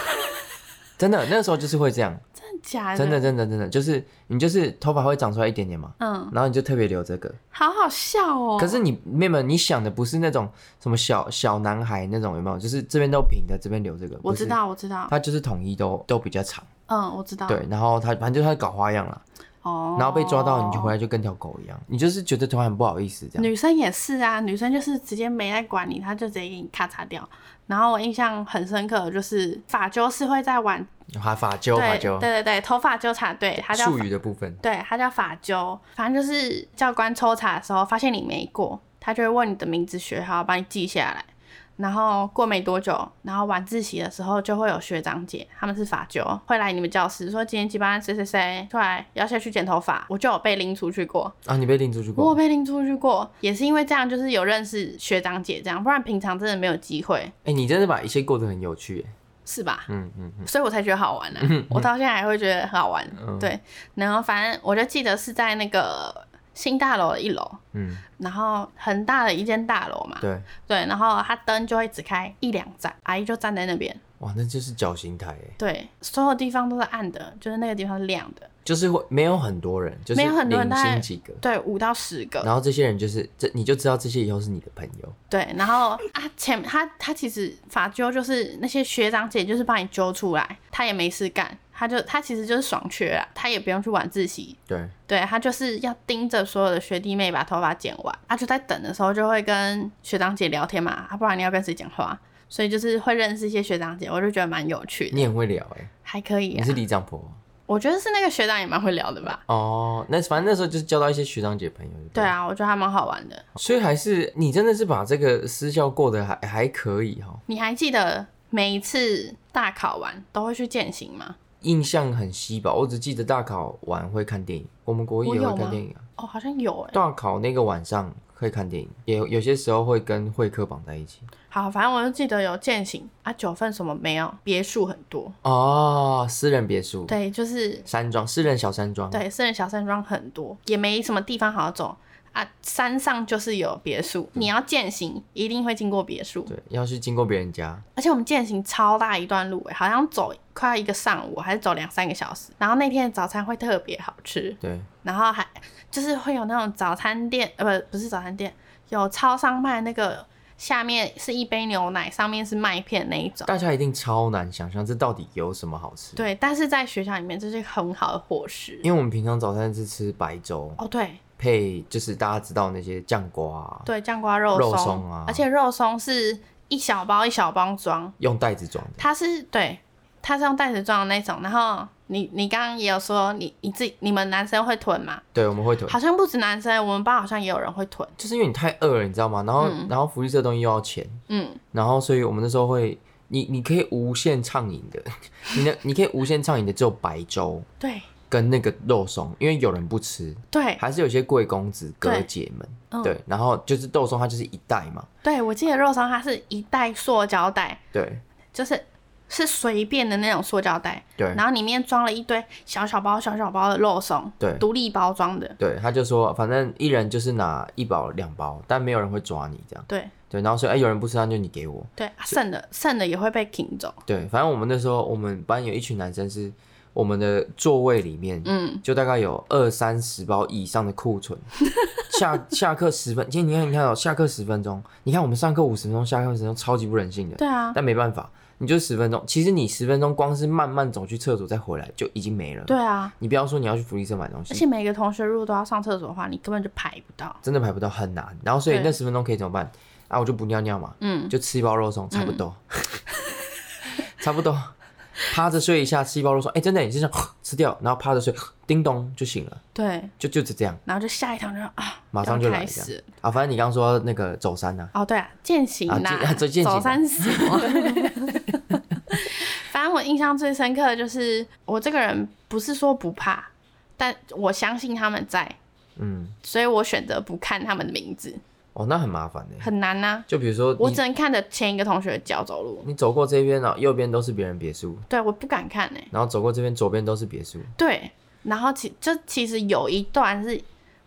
真的，那時候就是會這樣。的真的真的真的就是你就是頭髮會長出來一點點嘛，嗯，然後你就特別留這個，好好笑哦。可是你妹妹，你想的不是那種什麼小小男孩那種有沒有？就是這邊都平的，這邊留這個。我知道，我知道。他就是統一都都比較長，嗯，我知道。對，然後他反正就是搞花樣了，哦，然後被抓到你就回來就跟條狗一樣，你就是覺得頭髮很不好意思這樣。女生也是啊，女生就是直接沒在管你，她就直接給你咔嚓掉。然後我印象很深刻的就是法糾是會在玩。髮法揪，法揪，對對對，頭髮糾察，對，術語的部分，對他叫法揪，反正就是教官抽查的時候發現你沒過，他就會問你的名字、學號，把你記下來，然後過沒多久，然後晚自習的時候就會有學長姐，他們是法揪，會來你們教室，說今天七班誰誰誰出來要下去剪頭髮，我就有被拎出去過啊，你被拎出去過？我被拎出去過，也是因為這樣，就是有認識學長姐這樣，不然平常真的沒有機會。哎、欸，你真的把一切過得很有趣耶是吧？嗯嗯嗯，所以我才覺得好玩呢，啊嗯嗯。我到現在還會覺得很好玩，嗯。對，然後反正我就記得是在那個。新大樓的一樓，嗯，然後很大的一間大樓嘛，對對，然後他燈就會只開一兩盞，阿姨就站在那邊，哇，那就是絞刑台，對，所有地方都是暗的，就是那個地方是亮的，就是會沒有很多人，沒有很多人，就是、幾個很大概，對，五到十個，然後這些人就是這，你就知道這些以後是你的朋友，對，然後啊，他前他他其實法揪就是那些學長姐就是把你揪出來，他也沒事幹。他就他其實就是爽缺啦，他也不用去晚自習，對，對他就是要盯着所有的學弟妹把頭髮剪完，他、啊、就在等的時候就會跟學長姐聊天嘛，他、啊、不然你要跟誰講話？所以就是會認識一些學長姐，我就覺得蠻有趣的。你很會聊哎、欸，還可以、啊，你是里長婆嗎？我覺得是那個學長也蠻會聊的吧。哦、oh，那反正那時候就是交到一些學長姐朋友。對啊，我覺得還蠻好玩的、okay。所以還是你真的是把這個私校過得還還可以哦。你還記得每一次大考完都會去健行嗎？印象很稀吧，我只記得大考晚會看電影，我們國一也會看電影啊。哦，好像有、欸，大考那個晚上會看電影，也有些時候會跟會客綁在一起。好，反正我就記得有健行啊，九份什麼沒有，別墅很多哦，私人別墅。對，就是山莊，私人小山莊。對，私人小山莊很多，也沒什麼地方好走。山上就是有別墅、嗯，你要健行，一定會經過別墅。對，要去經過別人家。而且我們健行超大一段路誒，好像走快要一個上午，還是走兩三個小時。然後那天的早餐會特別好吃。對，然後還就是會有那種早餐店，呃，不，不是早餐店，有超商賣的那個，下面是一杯牛奶，上面是麥片那一種。大家一定超難想象，這到底有什麼好吃？對，但是在學校裡面這是很好的伙食，因為我們平常早餐是吃白粥。哦，對。配就是大家知道那些醬瓜、啊，對，醬瓜肉鬆啊，而且肉鬆是一小包一小包裝，用袋子裝。它是對，它是用袋子裝的那種。然後你你剛剛也有說你，你你自己你們男生會囤嗎？對，我們會囤。好像不止男生，我們班好像也有人會囤，就是因為你太餓了，你知道嗎？然後、嗯、然後福利社東西又要錢，嗯，然後所以我們那時候會，你你可以無限暢飲的， 你的你可以無限暢飲的只有白粥， 對。跟那個肉鬆，因為有人不吃，對，還是有些貴公子哥姐們，對，對嗯、然後就是肉鬆，它就是一袋嘛，對，我記得肉鬆它是一袋塑膠袋，對，就是是隨便的那種塑膠袋，對，然後裡面裝了一堆小小包小小包的肉鬆，對，獨立包裝的，對，他就說反正一人就是拿一包兩包，但沒有人會抓你這樣，對，對，然後說哎、欸、有人不吃那就你給我，對，對剩的剩的也會被 k 走，對，反正我們那時候我們班有一群男生是。我們的座位裡面，嗯，就大概有二三十包以上的庫存。 下下課十分，其實你看，你看到下課十分鐘，你看我們上課五十分鐘，下課十分鐘，超級不人性的。對啊，但沒辦法，你就十分鐘。其實你十分鐘光是慢慢走去廁所再回來就已經沒了。對啊，你不要說你要去福利社買東西。而且每個同學如果都要上廁所的話，你根本就排不到，真的排不到，很難。然後所以那十分鐘可以怎麼辦？啊，我就不尿尿嘛，嗯，就吃一包肉鬆，差不多，嗯、 差不多。 趴着睡一下，細胞都說：“哎、欸，真的，你身上、呃、吃掉，然後趴着睡、呃，叮咚就醒了。”對，就就是這樣，然後就下一趟就啊，馬上就來了一下。開始了啊，反正你剛說那個走山呢、啊？哦，對啊，健行吶、啊啊，走山死。 反正我印象最深刻的就是，我這個人不是說不怕，但我相信他們在，嗯，所以我選擇不看他們的名字。哦，那很麻煩的，很難吶、啊。就比如說，我只能看着前一個同學的腳走路。你走過這邊呢，右邊都是別人別墅。對，我不敢看哎。然後走過這邊，左邊都是別墅。對，然後其就其實有一段是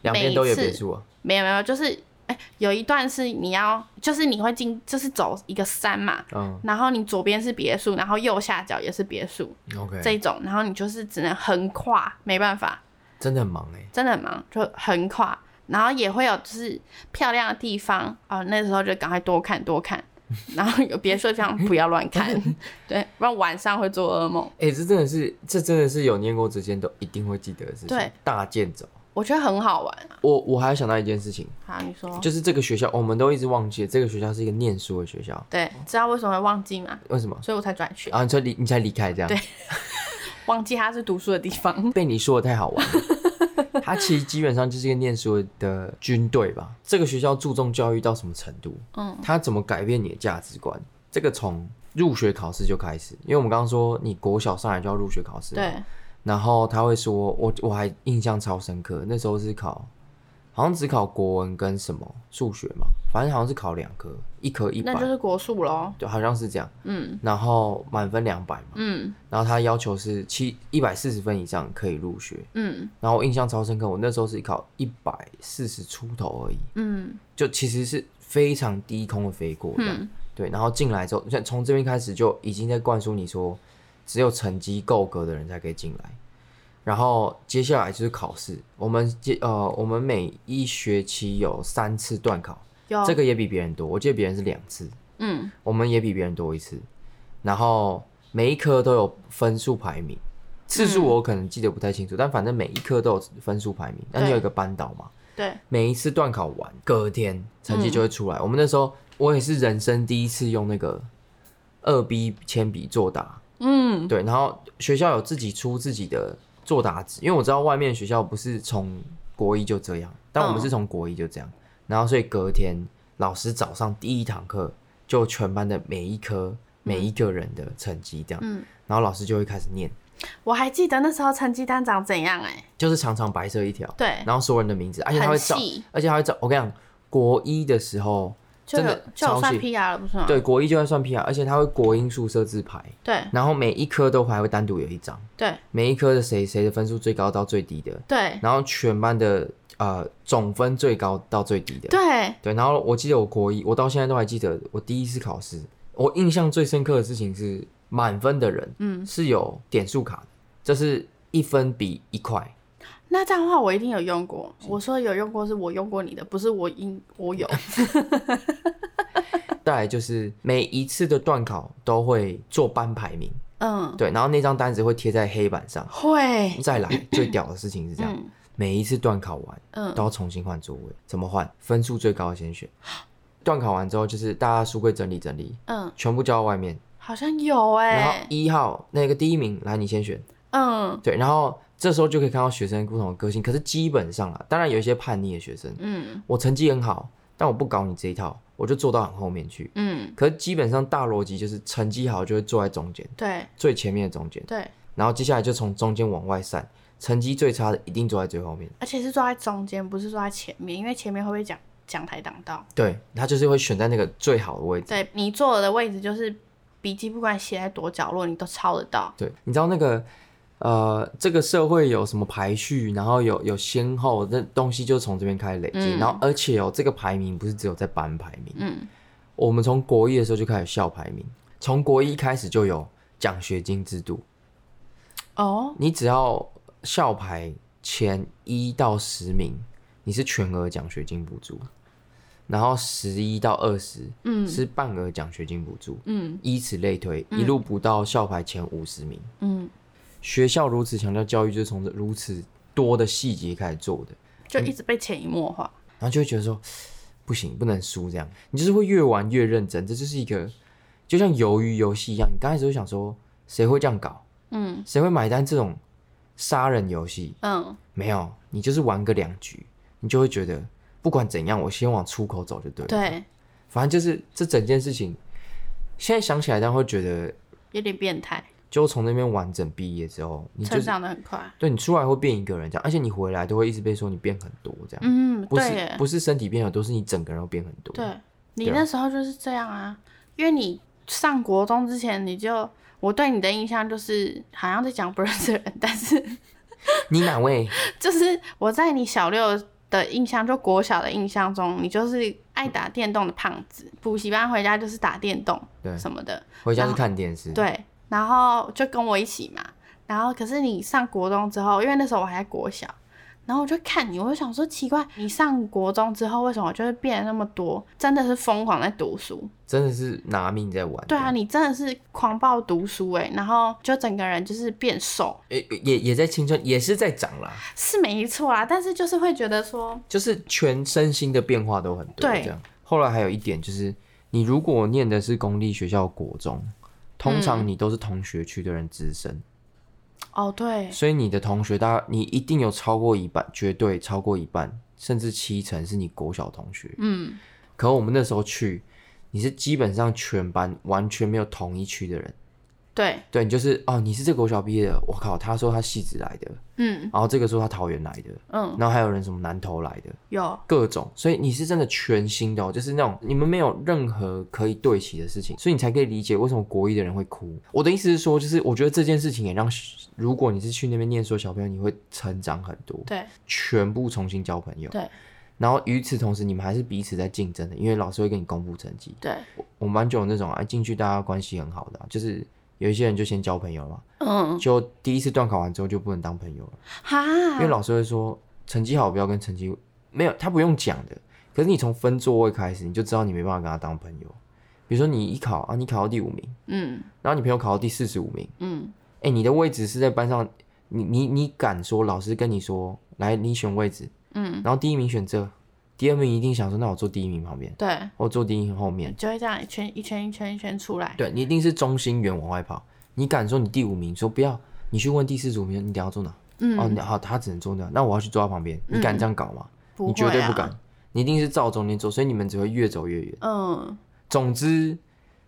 兩邊都有別墅啊。沒有沒有，就是哎、欸，有一段是你要，就是你會進，就是走一個山嘛。嗯。然後你左邊是別墅，然後右下角也是別墅，嗯。OK。這種，然後你就是只能橫跨，沒辦法。真的很忙哎。真的很忙，就橫跨。然後也會有就是漂亮的地方啊，那時候就趕快多看多看，然後有別說這樣不要亂看， 對，不然晚上會做噩夢。哎、欸，這真的是，這真的是有念過之前都一定會記得的事情。大健走，我覺得很好玩。我我還要想到一件事情。好，你說，就是這個學校，我們都一直忘記了，這個學校是一個念書的學校。對，知道為什麼會忘記嗎？為什麼？所以我才轉學。啊，你才離，你才離開這樣。對，忘記它是讀書的地方。 被你說得太好玩了。 他其實基本上就是一個念書的軍隊吧。這個學校注重教育到什麼程度？嗯，他怎麼改變你的價值觀？這個從入學考試就開始，因為我們剛剛說你國小上來就要入學考試，對。然後他會說我，我我還印象超深刻，那時候是考。好像只考國文跟什麼數學嘛，反正好像是考兩科，一科一百，那就是國數咯，對，好像是這樣。嗯，然後滿分兩百嘛。嗯，然後他要求是七、一百四十分以上可以入學。嗯，然後我印象超深刻，我那時候是考一百四十出頭而已。嗯，就其實是非常低空的飛過。嗯，對。然後進來之後，你像從這邊開始就已經在灌輸你說，只有成績夠格的人才可以進來。然後接下來就是考試。我們接呃，我們每一學期有三次段考，這個也比別人多。我記得別人是兩次，嗯，我們也比別人多一次。然後每一科都有分數排名，次數我可能記得不太清楚，嗯、但反正每一科都有分數排名。那你有一個班導嘛？對，每一次段考完，隔天成績就會出來。嗯、我們那時候我也是人生第一次用那個二 B 鉛筆作答，嗯，對。然後學校有自己出自己的。做答子，因為我知道外面的學校不是從國一就這樣，但我們是從國一就這樣，嗯，然後所以隔天老師早上第一堂課就全班的每一科、嗯、每一個人的成績這樣，然後老師就會開始念。嗯、我還記得那時候成績單長怎樣哎、欸，就是長長白色一條，對，然後所有人的名字，而且他會找，而且他會找。我跟你講，國一的時候。真的，就，就算 P.R. 了，不算嗎？對，國一就算算 P.R.，而且他會國英數設置牌，對，然後每一科都還會單獨有一張，對，每一科的誰誰的分數最高到最低的，對，然後全班的呃總分最高到最低的，對對，然後我記得我國一，我到現在都還記得我第一次考試，我印象最深刻的事情是滿分的人，嗯，是有點數卡這是一分比一塊。那這樣的話，我一定有用過。我說有用過，是我用過你的，不是我應我有。再來， 就是每一次的段考都會做班排名，嗯，對，然後那張單子會貼在黑板上，會再來。最屌的事情是這樣，嗯、每一次段考完，嗯，都要重新換座位。嗯、怎麼換？分數最高的先選。段考完之後，就是大家書櫃整理整理，嗯，全部交到外面。好像有哎、欸。然後一號那個第一名來，你先選。嗯，對，然後。這時候就可以看到學生不同的個性，可是基本上啊，當然有一些叛逆的學生，嗯，我成績很好，但我不搞你這一套，我就坐到很後面去，嗯。可是基本上大邏輯就是成績好就會坐在中間，對，最前面的中間，對。然後接下來就從中間往外散，成績最差的一定坐在最後面，而且是坐在中間，不是坐在前面，因為前面會不會講講台擋到？對，他就是會選在那個最好的位置。對，你坐的位置就是筆記不管寫在多角落，你都抄得到。對，你知道那個。呃，這個社會有什麼排序，然後有有先後，這東西就從這邊開始累積。嗯。然後，而且哦，這個排名不是只有在班排名。嗯。我們從國一的時候就開始校排名，從國一開始就有獎學金制度。哦。你只要校排前一到十名，你是全額獎學金補助。然後十一到二十，嗯，是半額獎學金補助。嗯。依此類推，一路補到校排前五十名。嗯。嗯學校如此強調教育，就是從這如此多的細節開始做的，就一直被潛移默化、嗯，然後就會覺得說，不行，不能輸這樣，你就是會越玩越認真。這就是一個，就像魷魚遊戲一樣，你剛開始會想說，誰會這樣搞？嗯，誰會買單這種殺人遊戲？嗯，沒有，你就是玩個兩局，你就會覺得，不管怎樣，我先往出口走就對了。對，反正就是這整件事情，現在想起來，然後會覺得有點變態。就從那邊完整畢業之後，你成長的很快。對，你出來會變一個人這樣，而且你回來都會一直被說你變很多這樣。嗯，不是對不是身體變了，都是你整個人變很多。對,對，你那時候就是這樣啊，因為你上國中之前，你就我對你的印象就是好像在講不認識人，但是你哪位？ 就是我在你小六的印象，就國小的印象中，你就是愛打電動的胖子，補習班回家就是打電動，什麼的，回家是看電視，對。然後就跟我一起嘛，然後可是你上國中之後，因為那時候我還在國小，然後我就看你，我就想說奇怪，你上國中之後為什麼我就是變那麼多？真的是瘋狂在讀書，真的是拿命在玩。對啊，你真的是狂暴讀書哎，然後就整個人就是變瘦，欸、也也在青春也是在長啦。是沒錯啦，但是就是會覺得說，就是全身心的變化都很多。這樣。後來還有一點就是，你如果念的是公立學校國中。通常你都是同學區的人資深，嗯、哦對，所以你的同學大，你一定有超過一半，絕對超過一半，甚至七成是你國小同學。嗯，可我們那時候去，你是基本上全班完全沒有同一區的人。對對，你就是哦，你是這國小畢業的，我靠，他說他汐止來的，嗯，然後這個說他桃園來的，嗯，然後還有人什麼南投來的，有各種，所以你是真的全新的、哦，就是那種你們沒有任何可以對齊的事情，所以你才可以理解為什麼國一的人會哭。我的意思是說，就是我覺得這件事情也讓，如果你是去那邊念書的小朋友，你會成長很多，對，全部重新交朋友，對，然後與此同時你們還是彼此在競爭的，因為老師會跟你公布成績，對我們班就有那種哎，進去大家關係很好的、啊，就是。有一些人就先交朋友了嘛，嗯，就第一次段考完之後就不能當朋友了，哈，因為老師會說成績好不要跟成績，沒有，他不用講的，可是你從分座位開始你就知道你沒辦法跟他當朋友，比如說你一考啊你考到第五名，嗯，然後你朋友考到第四十五名，嗯，哎、欸、你的位置是在班上，你你你敢說老師跟你說來你選位置，嗯，然後第一名選這。第二名一定想說，那我坐第一名旁邊，對，我坐第一名後面，就會這樣一圈一圈一圈一圈出來。對，你一定是中心圓往外跑。你敢說你第五名？說不要，你去問第四組名，你你等下坐哪？嗯，哦，你好，他只能坐那，那我要去坐他旁邊。你敢這樣搞嗎？嗯、不會啊、你絕對不敢。你一定是照中間走，所以你們只會越走越遠。嗯，總之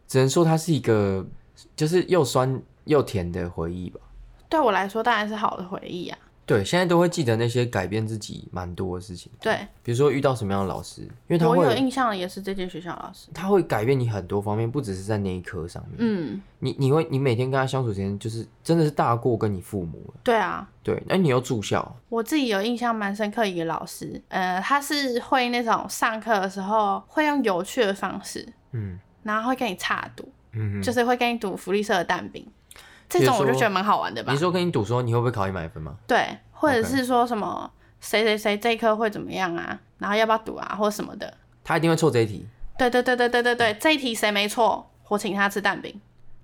只能說它是一個就是又酸又甜的回憶吧。對我來說當然是好的回憶啊。對，現在都會記得那些改變自己蠻多的事情。對，比如說遇到什麼樣的老師，因為他會我有印象的也是這間學校老師，他會改變你很多方面，不只是在那一科上面。嗯，你你會你每天跟他相處時間，就是真的是大過跟你父母了。對啊，對，那、哎、你要住校。我自己有印象蠻深刻一個老師，呃，他是會那種上課的時候會用有趣的方式，嗯，然後會跟你差賭，嗯哼，就是會跟你賭福利社的蛋餅。這種我就覺得蠻好玩的吧。比如說跟你賭說，你會不會考一百分嗎？對，或者是說什麼、okay. 誰誰誰這一科會怎麼樣啊？然後要不要賭啊，或什麼的。他一定會錯這一題。對對對對對對對，這一題誰沒錯，我請他吃蛋餅。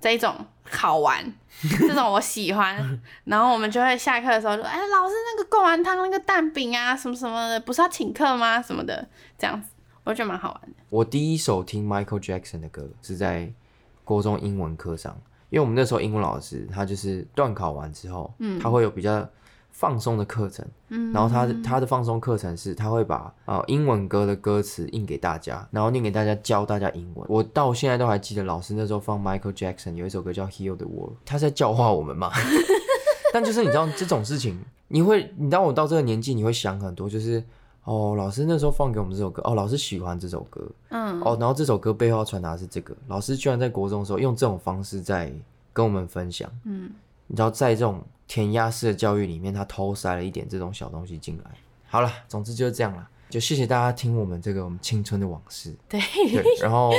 這一種好玩， 這種我喜歡。然後我們就會下課的時候就， 哎，老師那個貢丸湯那個蛋餅啊什麼什麼的，不是要請客嗎？什麼的，這樣子，我覺得蠻好玩的。我第一首聽 Michael Jackson 的歌是在高中英文課上。因為我們那時候英文老師，他就是段考完之後，嗯，他會有比較放鬆的課程，嗯，然後他他的放鬆課程是，他會把啊、呃、英文歌的歌詞印給大家，然後念給大家教大家英文。我到現在都還記得，老師那時候放 Michael Jackson 有一首歌叫《Heal the World》，他在教化我們嘛。 但就是你知道這種事情，你會，你知道我到這個年紀，你會想很多，就是。哦，老師那時候放給我們這首歌，哦，老師喜歡這首歌，嗯，哦，然後這首歌背後傳達是這個，老師居然在國中的時候用這種方式在跟我們分享，嗯，你知道在這種填鴨式的教育裡面，他偷塞了一點這種小東西進來。好了，總之就是這樣了，就謝謝大家聽我們這個我們青春的往事，對，對，然後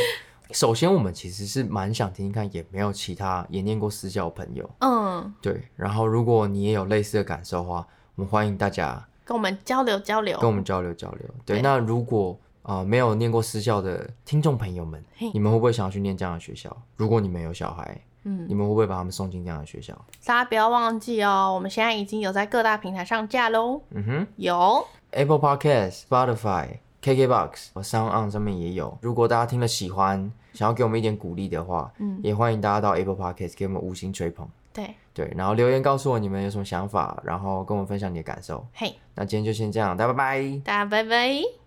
首先我們其實是蠻想聽聽看，也沒有其他也念過私校的朋友，嗯，對，然後如果你也有類似的感受的話，我們歡迎大家，跟我們交流交流，跟我們交流交流。對，對，那如果啊、呃、沒有念過私校的聽眾朋友們，你們會不會想要去念這樣的學校？如果你們有小孩，嗯，你們會不會把他們送進這樣的學校？大家不要忘記哦，我們現在已經有在各大平台上架嘍。嗯哼，有 Apple Podcast、Spotify、KKBox 和 Sound On 上面也有。如果大家聽了喜歡，想要給我們一點鼓勵的話，嗯，也歡迎大家到 Apple Podcast 給我們五星吹捧。對對，然後留言告訴我你們有什麼想法，然後跟我們分享你的感受。嘿。那今天就先這樣，大家拜拜！大家拜拜！